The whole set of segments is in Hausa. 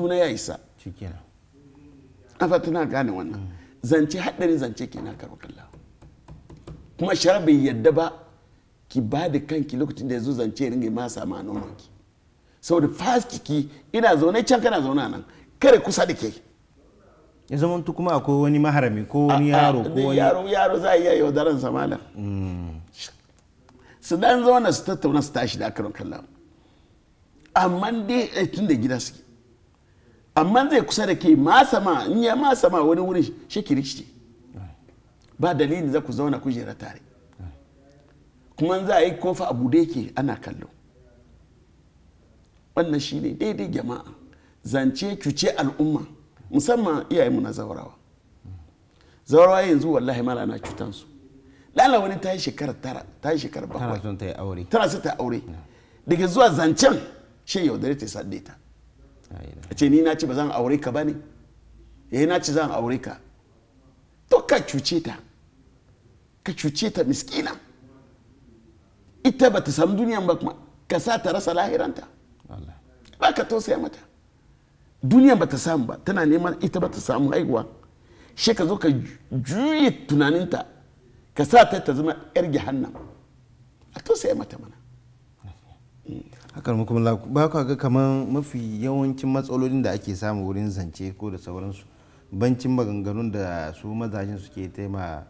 juna ya isa a fatuna gane wannan zance haɗari zance ke na karɓar kuma shara bai yadda ba ki ba da kanki lokacin da ya zo zance ringa masa ma nononki fas kiki, ina zaune can kana zaune nan kare kusa da ke ya zama kuma akwai wani maharami ko wani yaro ko wani yaro yaro za a iya daren samala hmm. su dan zauna su tattauna su tashi da akarun kallon amma dai tun da gida suke amma zai kusa da ke masama in ya masama wani wuri shi kiristi ba dalilin za ku zauna ku jera tare kuma za a yi kofa abu da yake ana kallo wannan shi ne daidai jama'a zance cuce al'umma musamman iyayenmu na zaurawa zaurawa yanzu wallahi mala na cutansu lala wani ta yi shekara tara ta yi shekara bakwai tana so ta yi aure daga zuwa zancen shi yaudare ta sadaita a ce ni na ci ba zan aure ka ba ne yi eh, na ci zan aure ka to ka cuce ta ka cuce ta miskina ita ba ta samu duniyan ba kuma ka sa ta rasa lahiranta ba ka tausaya mata duniyan ba ta samu ba tana neman ita ba ta samu haihuwa shi ka zo ka juye tunaninta ka sa ta ta zama yar gihanna a tausaya mata mana hakan mu kuma ba ka ga kamar mafi yawancin matsalolin da ake samu wurin zance ko da sauransu bancin maganganun da su mazajen suke taima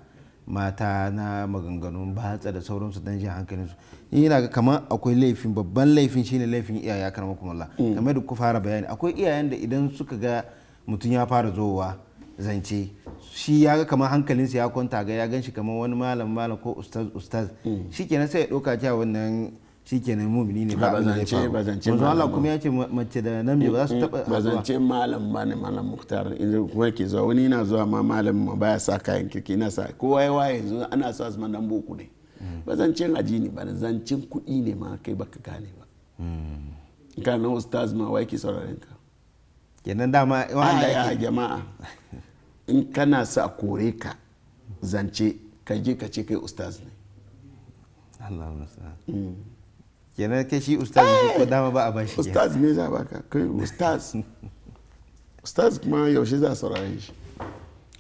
mata na maganganun batsa da sauransu don jin hankalinsu ina ga kamar akwai laifin babban laifin shine laifin iyaye kan makumalla mm. kamar da ku fara bayani akwai iyayen da idan suka ga mutum ya fara zowa zance shi ya ga kamar sa ya kwanta ga ya ganshi kamar wani malam malam ko ustaz ustaz mm. shikenan sai ya ɗauka cewa wannan shikenan mumini ne ba zan ba zance ce manzo Allah kuma ya ce mace da namiji ba za su taba ba zan malam ba ne malam muktar in kuma ke zuwa wani yana zuwa ma malam ma baya sa kayan kirki ina sa kowa ya waye yanzu ana sa su dan boku ne ba zan ce ajini ba zan ce kuɗi ne ma kai baka gane ba hmm. ka na ustaz ma wai ke sauraren ka kenan dama wanda ya jama'a in kana sa kore ka zance ka je ka ce kai ustaz ne Allah kenan kai shi ustaz ne ko eh, dama ba a shi ustaz me za ka kai ustaz ustaz kuma yaushe za saurare shi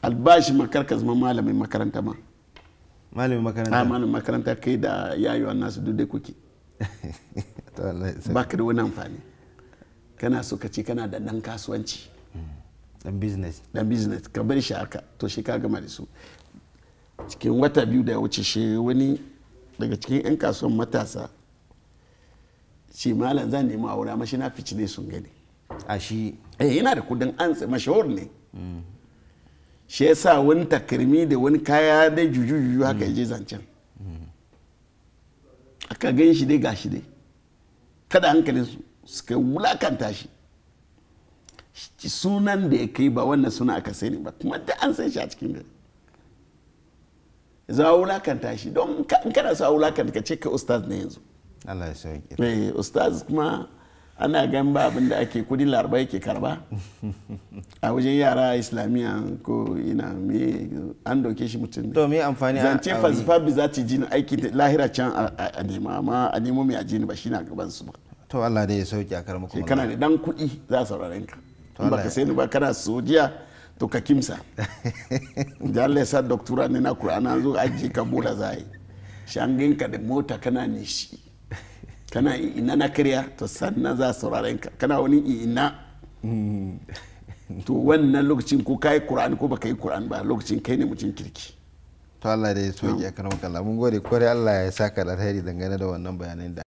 albashi makar ka zama malamin makaranta ma malamin makaranta a ah, malamin makaranta kai da yayo nasu duk dai kuke ka da wani amfani kana so ka ce kana da dan kasuwanci dan hmm. business dan business ka bar shi haka to shi ka gama da su cikin wata biyu da ya wuce shi wani daga cikin 'yan kasuwan matasa shi malam zan nemi aure amma shi na fici ne sun gani a shi eh yana da kudin an mashahur ne shi sa wani takarmi da wani kaya da juju juju haka yaje zancen aka gan shi dai gashi dai kada hankalin su suka wulakanta shi sunan da ya kai ba wannan suna aka sai ne ba kuma da an san shi a cikin gari za a wulakanta shi don kana sa wulakanta ka ce ka ustaz ne yanzu Allah ya sauke. Eh ustaz kuma ana gan ba abin da ake kudi larba yake karba a wajen yara islamiyya ko ina me an doke shi mutum to me amfani a zance falsafa bi za ta ji aiki lahira can a nema amma a nemo mai ajini ba shi na gaban su ba to Allah dai ya sauke a karma kuma kana da dan kudi za a sauraren ka in ka sai ba kana sojiya to ka kimsa da Allah ya sa doctora ne na an zo aji ka bula zai shangin ka da mota kana nishi kana ina na karya to sannan za su ka kana wani ina hmm. to wannan lokacin ko kai qur'an ko baka yi qur'an ba lokacin kai ne mutum kirki to Allah da ya soke a karamar kallon mun gode kwarai Allah ya saka da dangane da wannan bayanan da